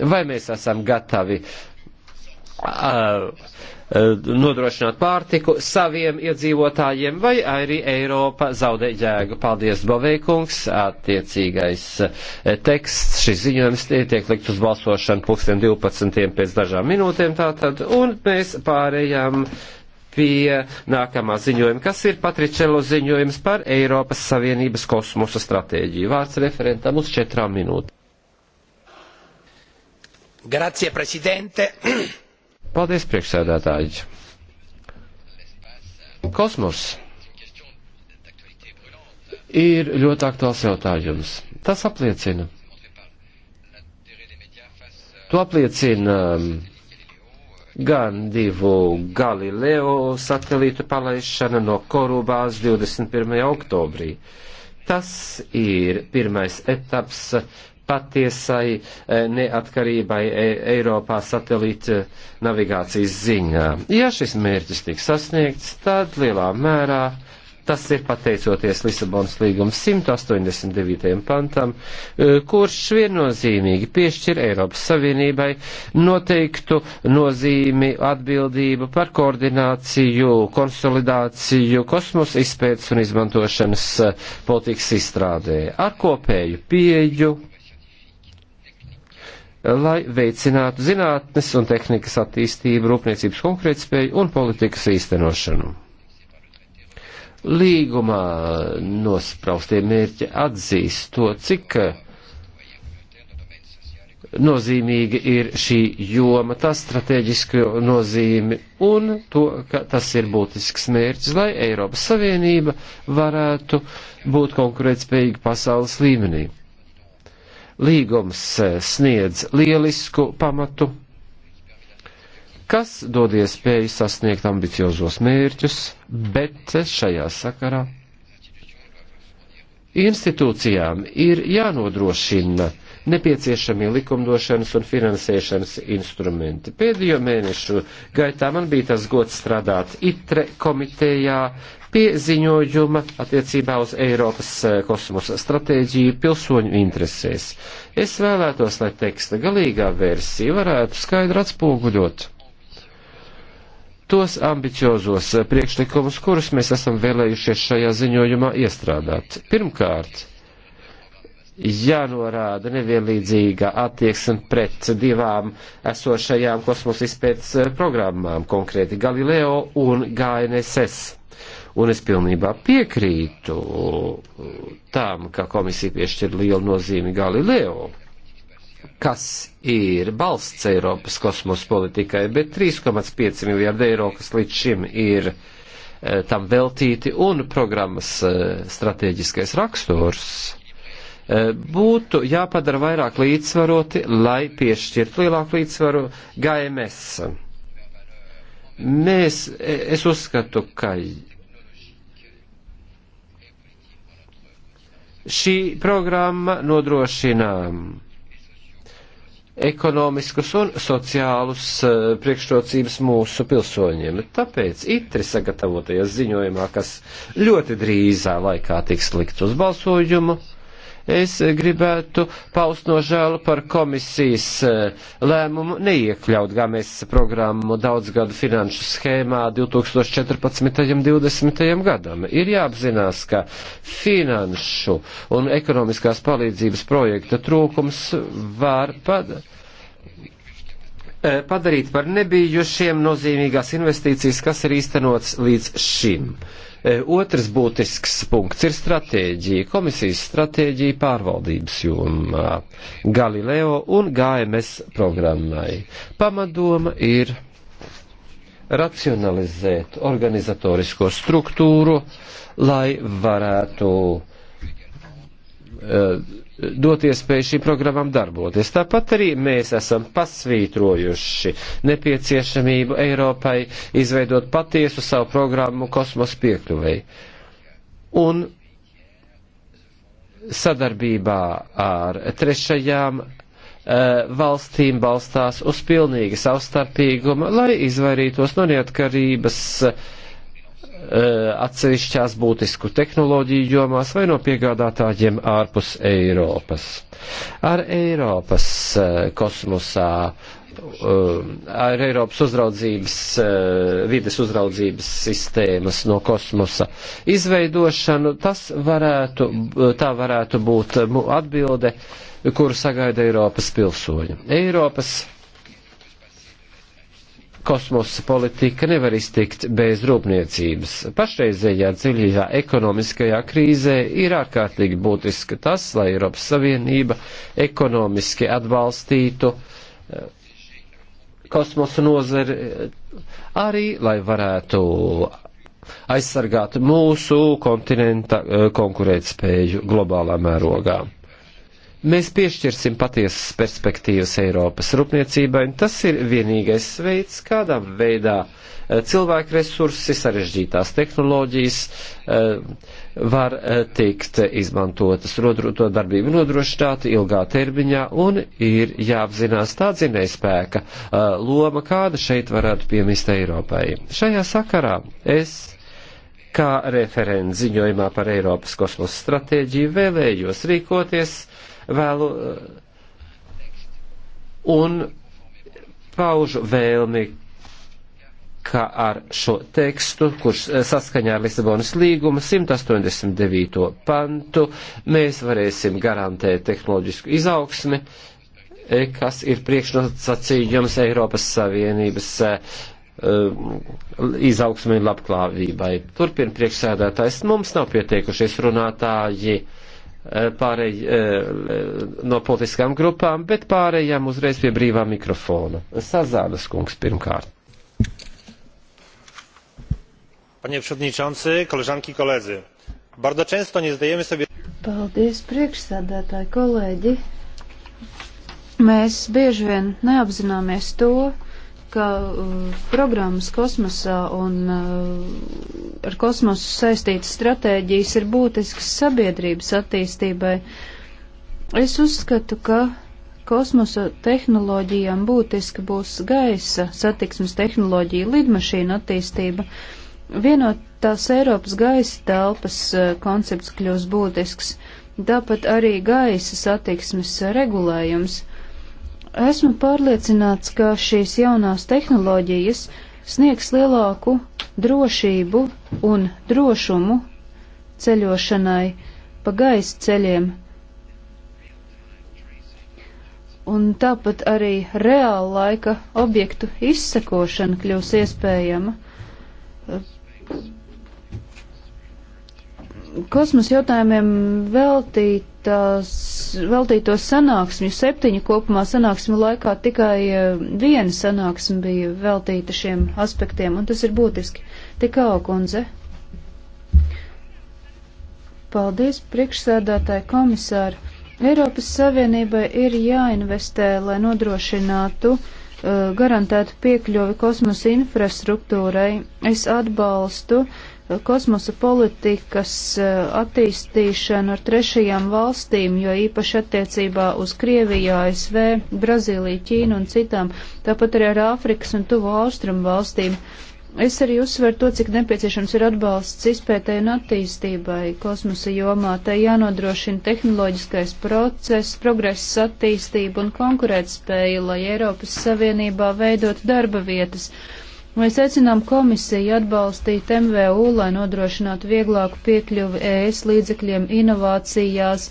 vai mēs esam gatavi uh, nodrošināt pārtiku saviem iedzīvotājiem, vai arī Eiropa zaudē jēgu. Paldies, Boveikungs, attiecīgais teksts, šis ziņojums tiek likt uz balsošanu pulksten 12. pēc dažām minūtēm tātad, un mēs pārējām pie nākamā ziņojuma, kas ir Patričelo ziņojums par Eiropas Savienības kosmosa stratēģiju. Vārds referentam uz četrām minūtēm. Grazie, prezidente! Paldies, priekšsēdētāji! Kosmos ir ļoti aktuāls jautājums. Tas apliecina. To apliecina um, gan divu Galileo satelītu palaišana no Korubās 21. oktobrī. Tas ir pirmais etaps patiesai e, neatkarībai e, Eiropā satelīta e, navigācijas ziņā. Ja šis mērķis tiks sasniegts, tad lielā mērā Tas ir pateicoties Lisabonas līguma 189. pantam, kurš viennozīmīgi piešķir Eiropas Savienībai noteiktu nozīmi atbildību par koordināciju, konsolidāciju, kosmosa izpētes un izmantošanas politikas izstrādē ar kopēju pieju lai veicinātu zinātnes un tehnikas attīstību, rūpniecības konkrētspēju un politikas īstenošanu. Līgumā nospraustie mērķi atzīst to, cik nozīmīga ir šī joma, tā strateģiska nozīme un to, ka tas ir būtisks mērķis, lai Eiropas Savienība varētu būt konkurētspējīga pasaules līmenī. Līgums eh, sniedz lielisku pamatu, kas dod iespēju sasniegt ambiciozos mērķus, bet šajā sakarā institūcijām ir jānodrošina nepieciešamie likumdošanas un finansēšanas instrumenti. Pēdējo mēnešu gaitā man bija tas gods strādāt ITRE komitejā, pie ziņojuma attiecībā uz Eiropas eh, kosmosa stratēģiju pilsoņu interesēs. Es vēlētos, lai teksta galīgā versija varētu skaidri atspoguļot tos ambiciozos eh, priekšlikumus, kurus mēs esam vēlējušies šajā ziņojumā iestrādāt. Pirmkārt, jānorāda nevienlīdzīga attieksme pret divām esošajām kosmosa izpētes eh, programmām, konkrēti Galileo un GNSS. Un es pilnībā piekrītu uh, tam, ka komisija piešķir lielu nozīmi Galileo, kas ir balsts Eiropas kosmosa politikai, bet 3,5 miljārdi eiro, kas līdz šim ir uh, tam veltīti, un programmas uh, stratēģiskais raksturs būtu jāpadara vairāk līdzsvaroti, lai piešķirt lielāku līdzsvaru GMS. Mēs, e, es uzskatu, ka Šī programma nodrošina ekonomiskus un sociālus eh, priekšrocības mūsu pilsoņiem. Tāpēc itri sagatavotajā ziņojumā, kas ļoti drīzā laikā tiks likt uz balsojumu, Es gribētu paust nožēlu par komisijas e, lēmumu neiekļaut GAMES programmu daudzgadu finanšu schēmā 2014.-2020. gadam. Ir jāapzinās, ka finanšu un ekonomiskās palīdzības projekta trūkums var pad Eh, padarīt par nebijušiem nozīmīgās investīcijas, kas ir īstenots līdz šim. Eh, otrs būtisks punkts ir stratēģija, komisijas stratēģija pārvaldības jomā, Galileo un GMS programmai. Pamadoma ir racionalizēt organizatorisko struktūru, lai varētu uh, dot iespēju šīm programmām darboties. Tāpat arī mēs esam pasvītrojuši nepieciešamību Eiropai izveidot patiesu savu programmu kosmos piekļuvēji. Un sadarbībā ar trešajām eh, valstīm balstās uz pilnīgi savstarpīguma, lai izvairītos no neatkarības uh, Eh, atsevišķās būtisku tehnoloģiju jomās vai no piegādātājiem ārpus Eiropas. Ar Eiropas eh, kosmosā, eh, ar Eiropas uzraudzības, vides uzraudzības sistēmas no kosmosa izveidošanu, tas varētu, tā varētu būt atbilde, kuru sagaida Eiropas pilsoņi. Eiropas kosmosa politika nevar iztikt bez rūpniecības. Pašreizējā dziļajā ekonomiskajā krīzē ir ārkārtīgi būtiski tas, lai Eiropas Savienība ekonomiski atbalstītu eh, kosmosa nozari arī, lai varētu aizsargāt mūsu kontinenta eh, konkurētspēju globālā mērogā mēs piešķirsim patiesas perspektīvas Eiropas rūpniecībai, un tas ir vienīgais veids, kādā veidā eh, cilvēku resursi, sarežģītās tehnoloģijas eh, var eh, tikt izmantotas, to darbību nodrošināt ilgā termiņā, un ir jāapzinās tā dzinējspēka loma, kāda šeit varētu piemist Eiropai. Šajā sakarā es kā referents ziņojumā par Eiropas kosmosa stratēģiju vēlējos rīkoties uh, vēlu eh, un paužu vēlmi, ka ar šo tekstu, kurš eh, saskaņā ar Lisabonas līguma 189. pantu, mēs varēsim garantēt tehnoloģisku izaugsmi, eh, kas ir priekšnosacījums Eiropas Savienības izaugsmē un labklājībai. Turpin priekšsēdētājs, mums nav pietiekušies runātāji. Ja Eh, pārēj, eh, no politiskām grupām, bet pārējām uzreiz pie brīvā mikrofona. Sazādas kungs pirmkārt. Panie przewodniczący, koleżanki i koledzy. Bardzo często nie zdajemy sobie. Paldies, priekšsādātāji, kolēģi. Mēs bieži vien neapzināmies to, ka uh, programmas kosmosā un uh, ar kosmosu saistītas stratēģijas ir būtiskas sabiedrības attīstībai. Es uzskatu, ka kosmosa tehnoloģijām būtiski būs gaisa satiksmes tehnoloģija, lidmašīna attīstība. Vienotās Eiropas gaisa telpas uh, koncepts kļūs būtisks, tāpat arī gaisa satiksmes regulējums. Uh, Esmu pārliecināts, ka šīs jaunās tehnoloģijas sniegs lielāku drošību un drošumu ceļošanai pa gaisa ceļiem. Un tāpat arī reāla laika objektu izsekošana kļūs iespējama kosmosa jautājumiem veltītās, veltīto sanāksmju, septiņu kopumā sanāksmju laikā tikai e, viena sanāksme bija veltīta šiem aspektiem, un tas ir būtiski. Tikā, kundze. Paldies, priekšsēdētāji komisāri. Eiropas Savienībai ir jāinvestē, lai nodrošinātu uh, garantētu piekļuvi kosmosa infrastruktūrai. Es atbalstu uh, kosmosa politikas eh, attīstīšanu ar trešajām valstīm, jo īpaši attiecībā uz Krieviju, ASV, Brazīliju, Ķīnu un citām, tāpat arī ar Āfrikas un Tuvo Austrumu valstīm. Es arī uzsveru to, cik nepieciešams ir atbalsts izpētēji un attīstībai kosmosa jomā. Tai jānodrošina tehnoloģiskais process, progress, attīstība un konkurētspēja, lai Eiropas Savienībā veidot darba vietas. Uh, Mēs aicinām komisiju atbalstīt MVU, lai nodrošinātu vieglāku piekļuvi ES līdzekļiem inovācijās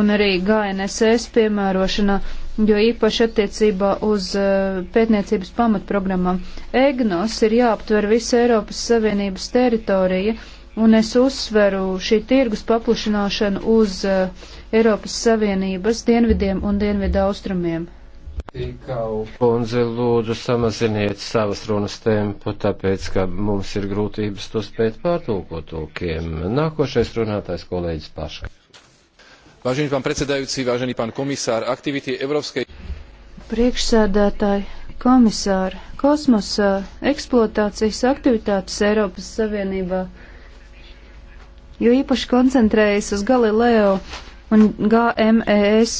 un arī GNSS piemērošanā, jo īpaši attiecībā uz e, pētniecības pamatprogrammām. EGNOS ir jāaptver visa Eiropas Savienības teritorija, un es uzsveru šī tirgus paplašināšanu uz e, Eiropas Savienības dienvidiem un dienvidu austrumiem. Tikau kundze lūdzu samaziniet savas runas tempu, tāpēc, ka mums ir grūtības to spēt pārtulkot tulkiem. Nākošais runātājs kolēģis Paška. Vážený pán predsedajúci, vážený pán komisār, aktivity Európskej... Priekšsēdētāji, komisāri, kosmosa eksploatācijas aktivitātes Eiropas Savienībā, jo īpaši koncentrējas uz Galileo un GMES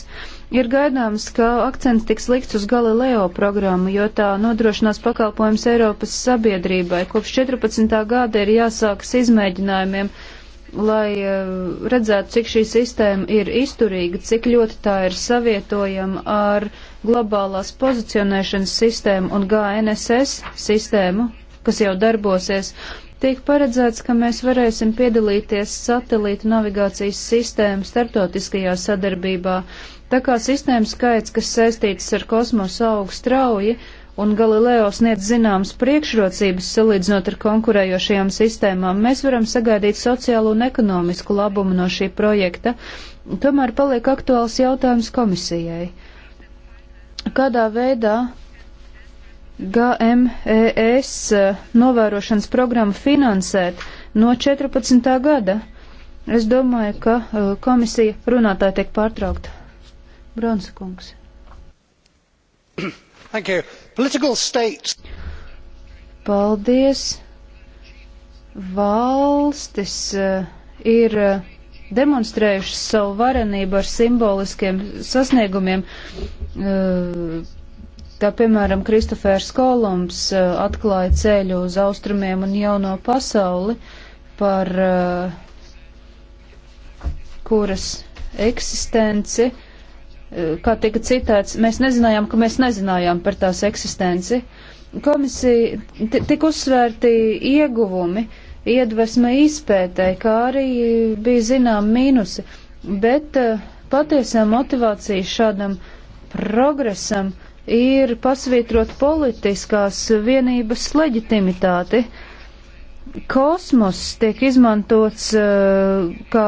Ir gaidāms, ka akcents tiks likts uz Galileo programmu, jo tā nodrošinās pakalpojums Eiropas sabiedrībai. Kopš 14. gada ir jāsākas izmēģinājumiem, lai eh, redzētu, cik šī sistēma ir izturīga, cik ļoti tā ir savietojama ar globālās pozicionēšanas sistēmu un GNSS sistēmu, kas jau darbosies. Tiek paredzēts, ka mēs varēsim piedalīties satelīta navigācijas sistēmu starptautiskajā sadarbībā, tā kā sistēma skaits, kas saistītas ar kosmosu aug strauji, un Galileo sniedz zināmas priekšrocības salīdzinot ar konkurējošajām sistēmām, mēs varam sagaidīt sociālo un ekonomisku labumu no šī projekta, tomēr paliek aktuāls jautājums komisijai. Kādā veidā GMES eh, novērošanas programmu finansēt no 14. gada. Es domāju, ka eh, komisija runātāja tiek pārtraukta. Bronsa kungs. Thank you. Political states. Paldies. Valstis eh, ir demonstrējušas savu varenību ar simboliskiem sasniegumiem kā piemēram Kristofērs Kolums eh, atklāja ceļu uz austrumiem un jauno pasauli, par eh, kuras eksistenci, eh, kā tika citēts, mēs nezinājām, ka mēs nezinājām par tās eksistenci. Komisija tika uzsvērti ieguvumi, iedvesma izpētē, kā arī bija zinām mīnusi, bet patiesā motivācija šādam progresam uh, ir pasvītrot politiskās vienības leģitimitāti. Kosmos tiek izmantots uh, kā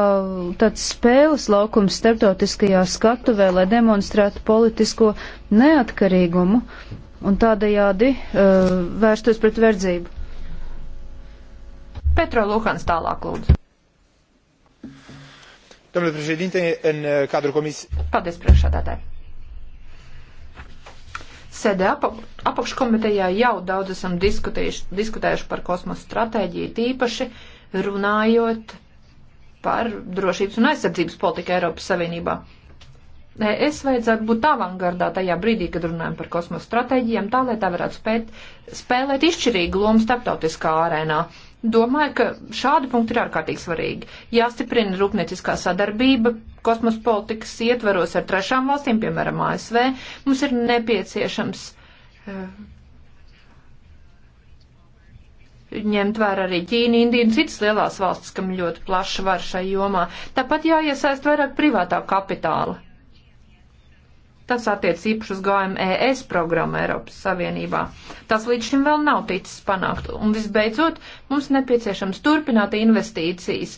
tāds spēles laukums starptautiskajā skatuvē, lai demonstrētu politisko neatkarīgumu un tādējādi uh, vērstos pret verdzību. Petro Luhans tālāk lūdzu. Domnule președinte, în eh, cadrul comisiei. Paldies, priekšsādātāji. Sēdē ap, apakškomitejā jau daudz esam diskutējuši par kosmosa stratēģiju, tīpaši runājot par drošības un aizsardzības politiku Eiropas Savienībā. E, es vajadzētu būt avangardā tajā brīdī, kad runājam par kosmosa stratēģijām, tā lai tā varētu spēt, spēlēt izšķirīgu lomu starptautiskā arēnā. Domāju, ka šādi punkti ir ārkārtīgi svarīgi. Jāstiprina rūpnieciskā sadarbība kosmos politikas ietvaros ar trešām valstīm, piemēram, ASV. Mums ir nepieciešams uh, ņemt vērā arī Ķīnu, Indiju un citas lielās valstis, kam ļoti plaša var šai jomā. Tāpat jāiesaist vairāk privātā kapitāla. Tas attiec īpaši uz GMES programmu Eiropas Savienībā. Tas līdz šim vēl nav ticis panākt. Un visbeidzot, mums nepieciešams turpināt investīcijas,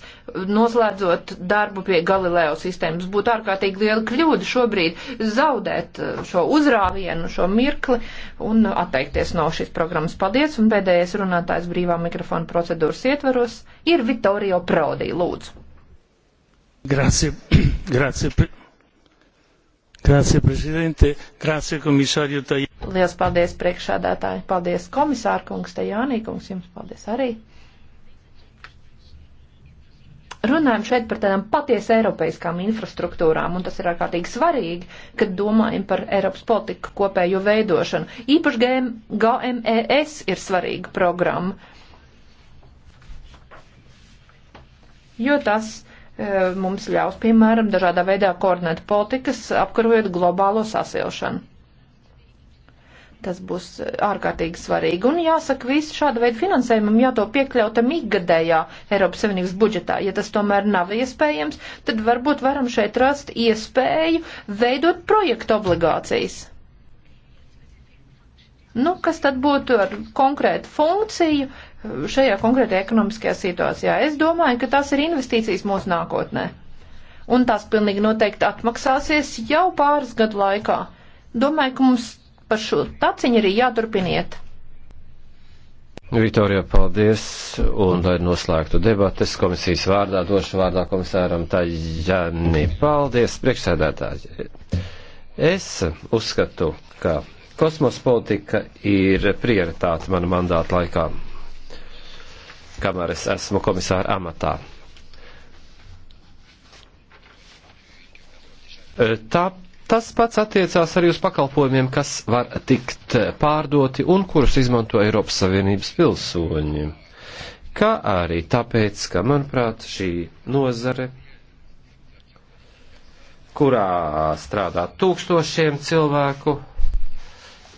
noslēdzot darbu pie Galileo sistēmas. Būtu ārkārtīgi liela kļūda šobrīd zaudēt uh, šo uzrāvienu, šo mirkli un atteikties no šīs programmas. Paldies! Un pēdējais runātājs brīvā mikrofona procedūras ietvaros ir Vittorio Prodi. Lūdzu! Grazie. Grazie. Grāsie, prezidente, grāsie, komisāriju Tajāni. Lielas paldies priekšādātāji, paldies komisārkungs Tajānī, kungs jums paldies arī. Runājam šeit par tādām patiesi eiropeiskām infrastruktūrām, un tas ir ārkārtīgi svarīgi, kad domājam par Eiropas politiku kopējo veidošanu. Īpaši GM, GMES ir svarīga programma, jo tas uh, E, mums ļaus, piemēram, dažādā veidā koordinēt politikas, apkarojot globālo sasilšanu. Tas būs ārkārtīgi svarīgi. Un jāsaka, visu šādu veidu finansējumam jāto piekļautam ikgadējā Eiropas Savienības budžetā. Ja tas tomēr nav iespējams, tad varbūt varam šeit rast iespēju veidot projektu obligācijas Nu, kas tad būtu ar konkrētu funkciju šajā konkrētajā ekonomiskajā situācijā? Es domāju, ka tās ir investīcijas mūsu nākotnē. Un tās pilnīgi noteikti atmaksāsies jau pāris gadu laikā. Domāju, ka mums par šo taciņu arī jāturpiniet. Viktorijā, paldies, un lai noslēgtu debates komisijas vārdā, došu vārdā komisāram Taļani. Paldies, priekšsēdētāji. Es uzskatu, ka Kosmos politika ir prioritāte mana mandāta laikā, kamēr es esmu komisāra amatā. E, tā, tas pats attiecās arī uz pakalpojumiem, kas var tikt pārdoti un kurus izmanto Eiropas Savienības pilsoņi. Kā arī tāpēc, ka, manuprāt, šī nozare, kurā strādā tūkstošiem cilvēku,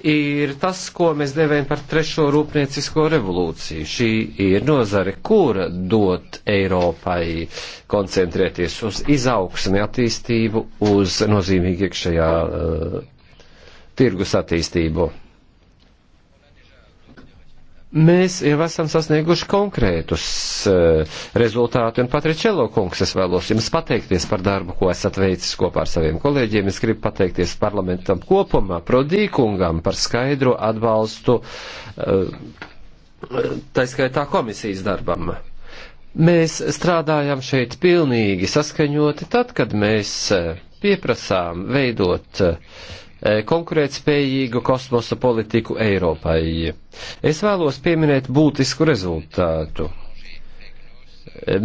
ir tas, ko mēs devējam par trešo rūpniecisko revolūciju. Šī ir nozare, kura dot Eiropai koncentrēties uz izaugsmi, attīstību, uz nozīmīgu iekšējā uh, tirgus attīstību mēs jau esam sasnieguši konkrētus uh, rezultātus, un Patričelo kungs, es vēlos jums pateikties par darbu, ko esat veicis kopā ar saviem kolēģiem. Es gribu pateikties parlamentam kopumā, Prodīkungam par skaidro atbalstu, uh, eh, taiskaitā komisijas darbam. Mēs strādājam šeit pilnīgi saskaņoti tad, kad mēs eh, pieprasām veidot uh, E, konkurētspējīgu kosmosa politiku Eiropai. Es vēlos pieminēt būtisku rezultātu.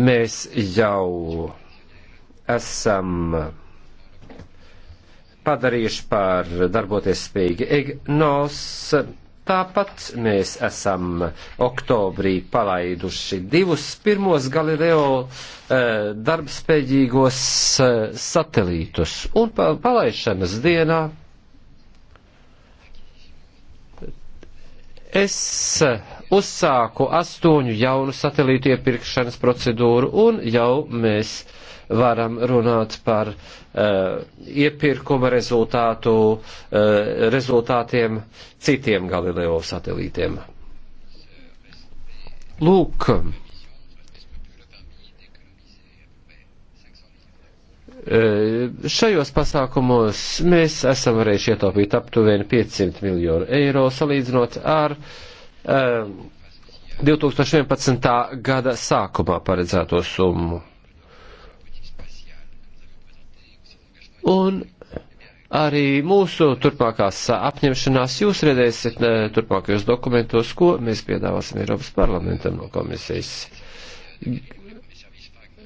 Mēs jau esam padarījuši par darboties spējīgi EGNOS. Tāpat mēs esam oktobrī palaiduši divus pirmos Galileo e, darbspējīgos e, satelītus. Un palaišanas dienā Es uzsāku astoņu jaunu satelītu iepirkšanas procedūru un jau mēs varam runāt par uh, iepirkuma rezultātu, uh, rezultātiem citiem Galileo satelītiem. Lūk, E, šajos pasākumos mēs esam varējuši ietaupīt aptuveni 500 miljonu eiro, salīdzinot ar um, e, 2011. gada sākumā paredzēto summu. Un arī mūsu turpmākās apņemšanās jūs redzēsiet e, turpmākajos dokumentos, ko mēs piedāvāsim Eiropas parlamentam no komisijas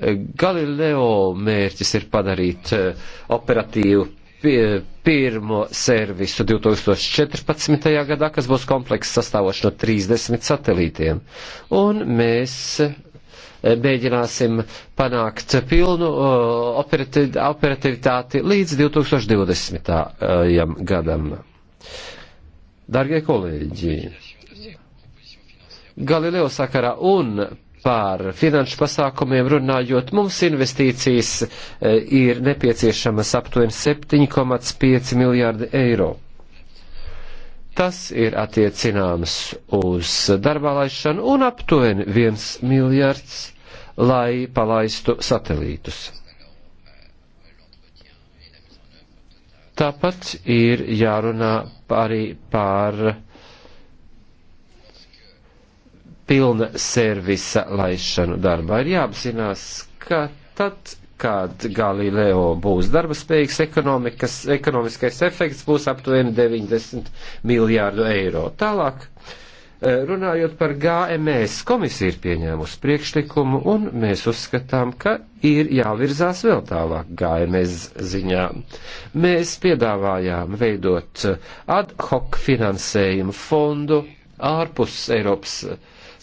Galileo mērķis ir padarīt eh, operatīvu pie, pirmo servisu 2014. gadā, kas būs komplekss sastāvošs no 30 satelītiem. Un mēs eh, mēģināsim panākt pilnu eh, operativitāti līdz 2020. gadam. Dargie kolēģi, Galileo sakarā un par finanšu pasākumiem runājot, mums investīcijas e, ir nepieciešamas aptuveni 7,5 miljārdi eiro. Tas ir attiecināms uz darbā laišanu un aptuveni 1 miljārds, lai palaistu satelītus. Tāpat ir jārunā arī par pilna servisa laišanu darbā. Ir jāapzinās, ka tad, kad Galileo būs darba spējīgs, ekonomiskais efekts būs aptuveni 90 miljārdu eiro. Tālāk, eh, runājot par GMS, komisija ir pieņēmusi priekšlikumu un mēs uzskatām, ka ir jāvirzās vēl tālāk GMS ziņā. Mēs piedāvājām veidot ad hoc finansējumu fondu ārpus Eiropas uh,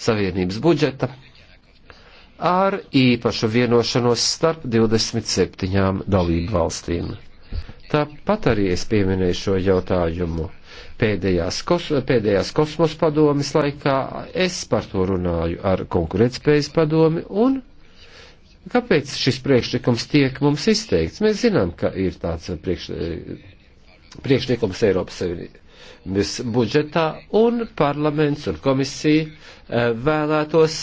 Savienības budžeta ar īpašu vienošanos starp 27 dalību valstīm. Tāpat arī es pieminēju šo jautājumu pēdējās, kos, pēdējās kosmos padomis laikā. Es par to runāju ar konkurētspējas padomi un kāpēc šis priekšlikums tiek mums izteikts. Mēs zinām, ka ir tāds priekš, priekšlikums Eiropas Savienības budžetā, un parlaments un komisija eh, vēlētos,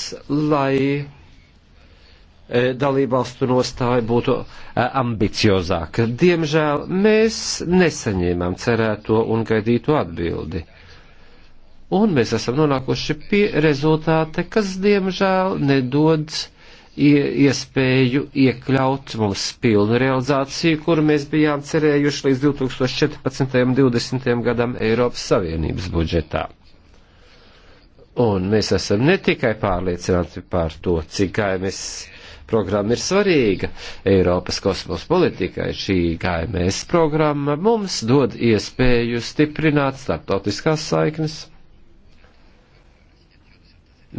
lai eh, dalībvalstu nostāja būtu eh, ambiciozāka. Diemžēl mēs nesaņēmām cerēto un gaidīto atbildi. Un mēs esam nonākuši pie rezultāta, kas diemžēl nedodas iespēju iekļaut mums pilnu realizāciju, kuru mēs bijām cerējuši līdz 2014. un 2020. gadam Eiropas Savienības budžetā. Un mēs esam ne tikai pārliecināti par to, cik mēs programma ir svarīga. Eiropas kosmosa politikai šī GMS programma mums dod iespēju stiprināt starptautiskās saiknes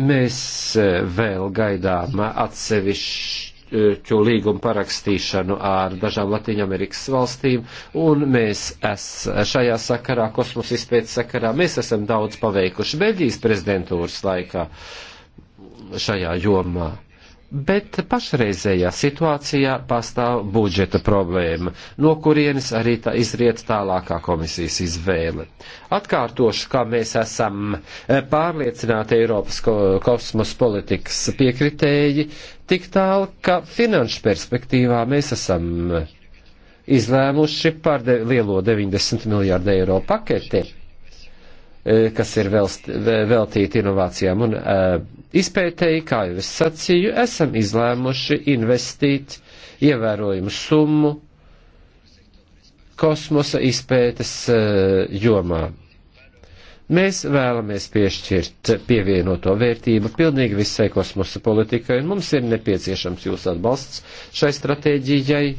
Mēs e, vēl gaidām atsevišķu līgumu parakstīšanu ar dažām Latvijas-Amerikas valstīm, un mēs es, šajā sakarā, kosmosa izpētes sakarā, mēs esam daudz paveikuši Beļģijas prezidentūras laikā šajā jomā. Bet pašreizējā situācijā pastāv budžeta problēma, no kurienes arī tā izriet tālākā komisijas izvēle. Atkārtošu, kā mēs esam eh, pārliecināti Eiropas kosmos politikas piekritēji, tik tālu, ka finanšu perspektīvā mēs esam izlēmuši par de lielo 90 miljārdu eiro paketi E, kas ir velst, veltīti inovācijām un e, izpētēji, kā jau es sacīju, esam izlēmuši investīt ievērojumu summu kosmosa izpētes e, jomā. Mēs vēlamies piešķirt pievienoto vērtību pilnīgi visai kosmosa politikai, un mums ir nepieciešams jūsu atbalsts šai stratēģijai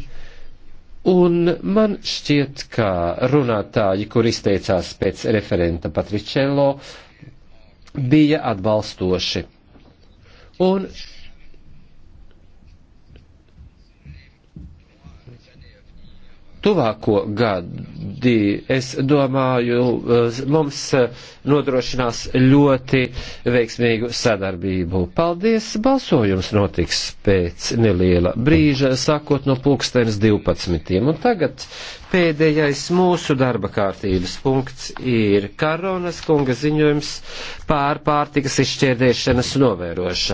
Un man šķiet, ka runātāji, kur izteicās pēc referenta Patričello, bija atbalstoši. Un tuvāko gadi, es domāju, eh, mums eh, nodrošinās ļoti veiksmīgu sadarbību. Paldies! Balsojums notiks pēc neliela brīža, sākot no pulkstenes 12. Un tagad pēdējais mūsu darba kārtības punkts ir Karonas kunga ziņojums pār pārtikas izšķērdēšanas novērošanu.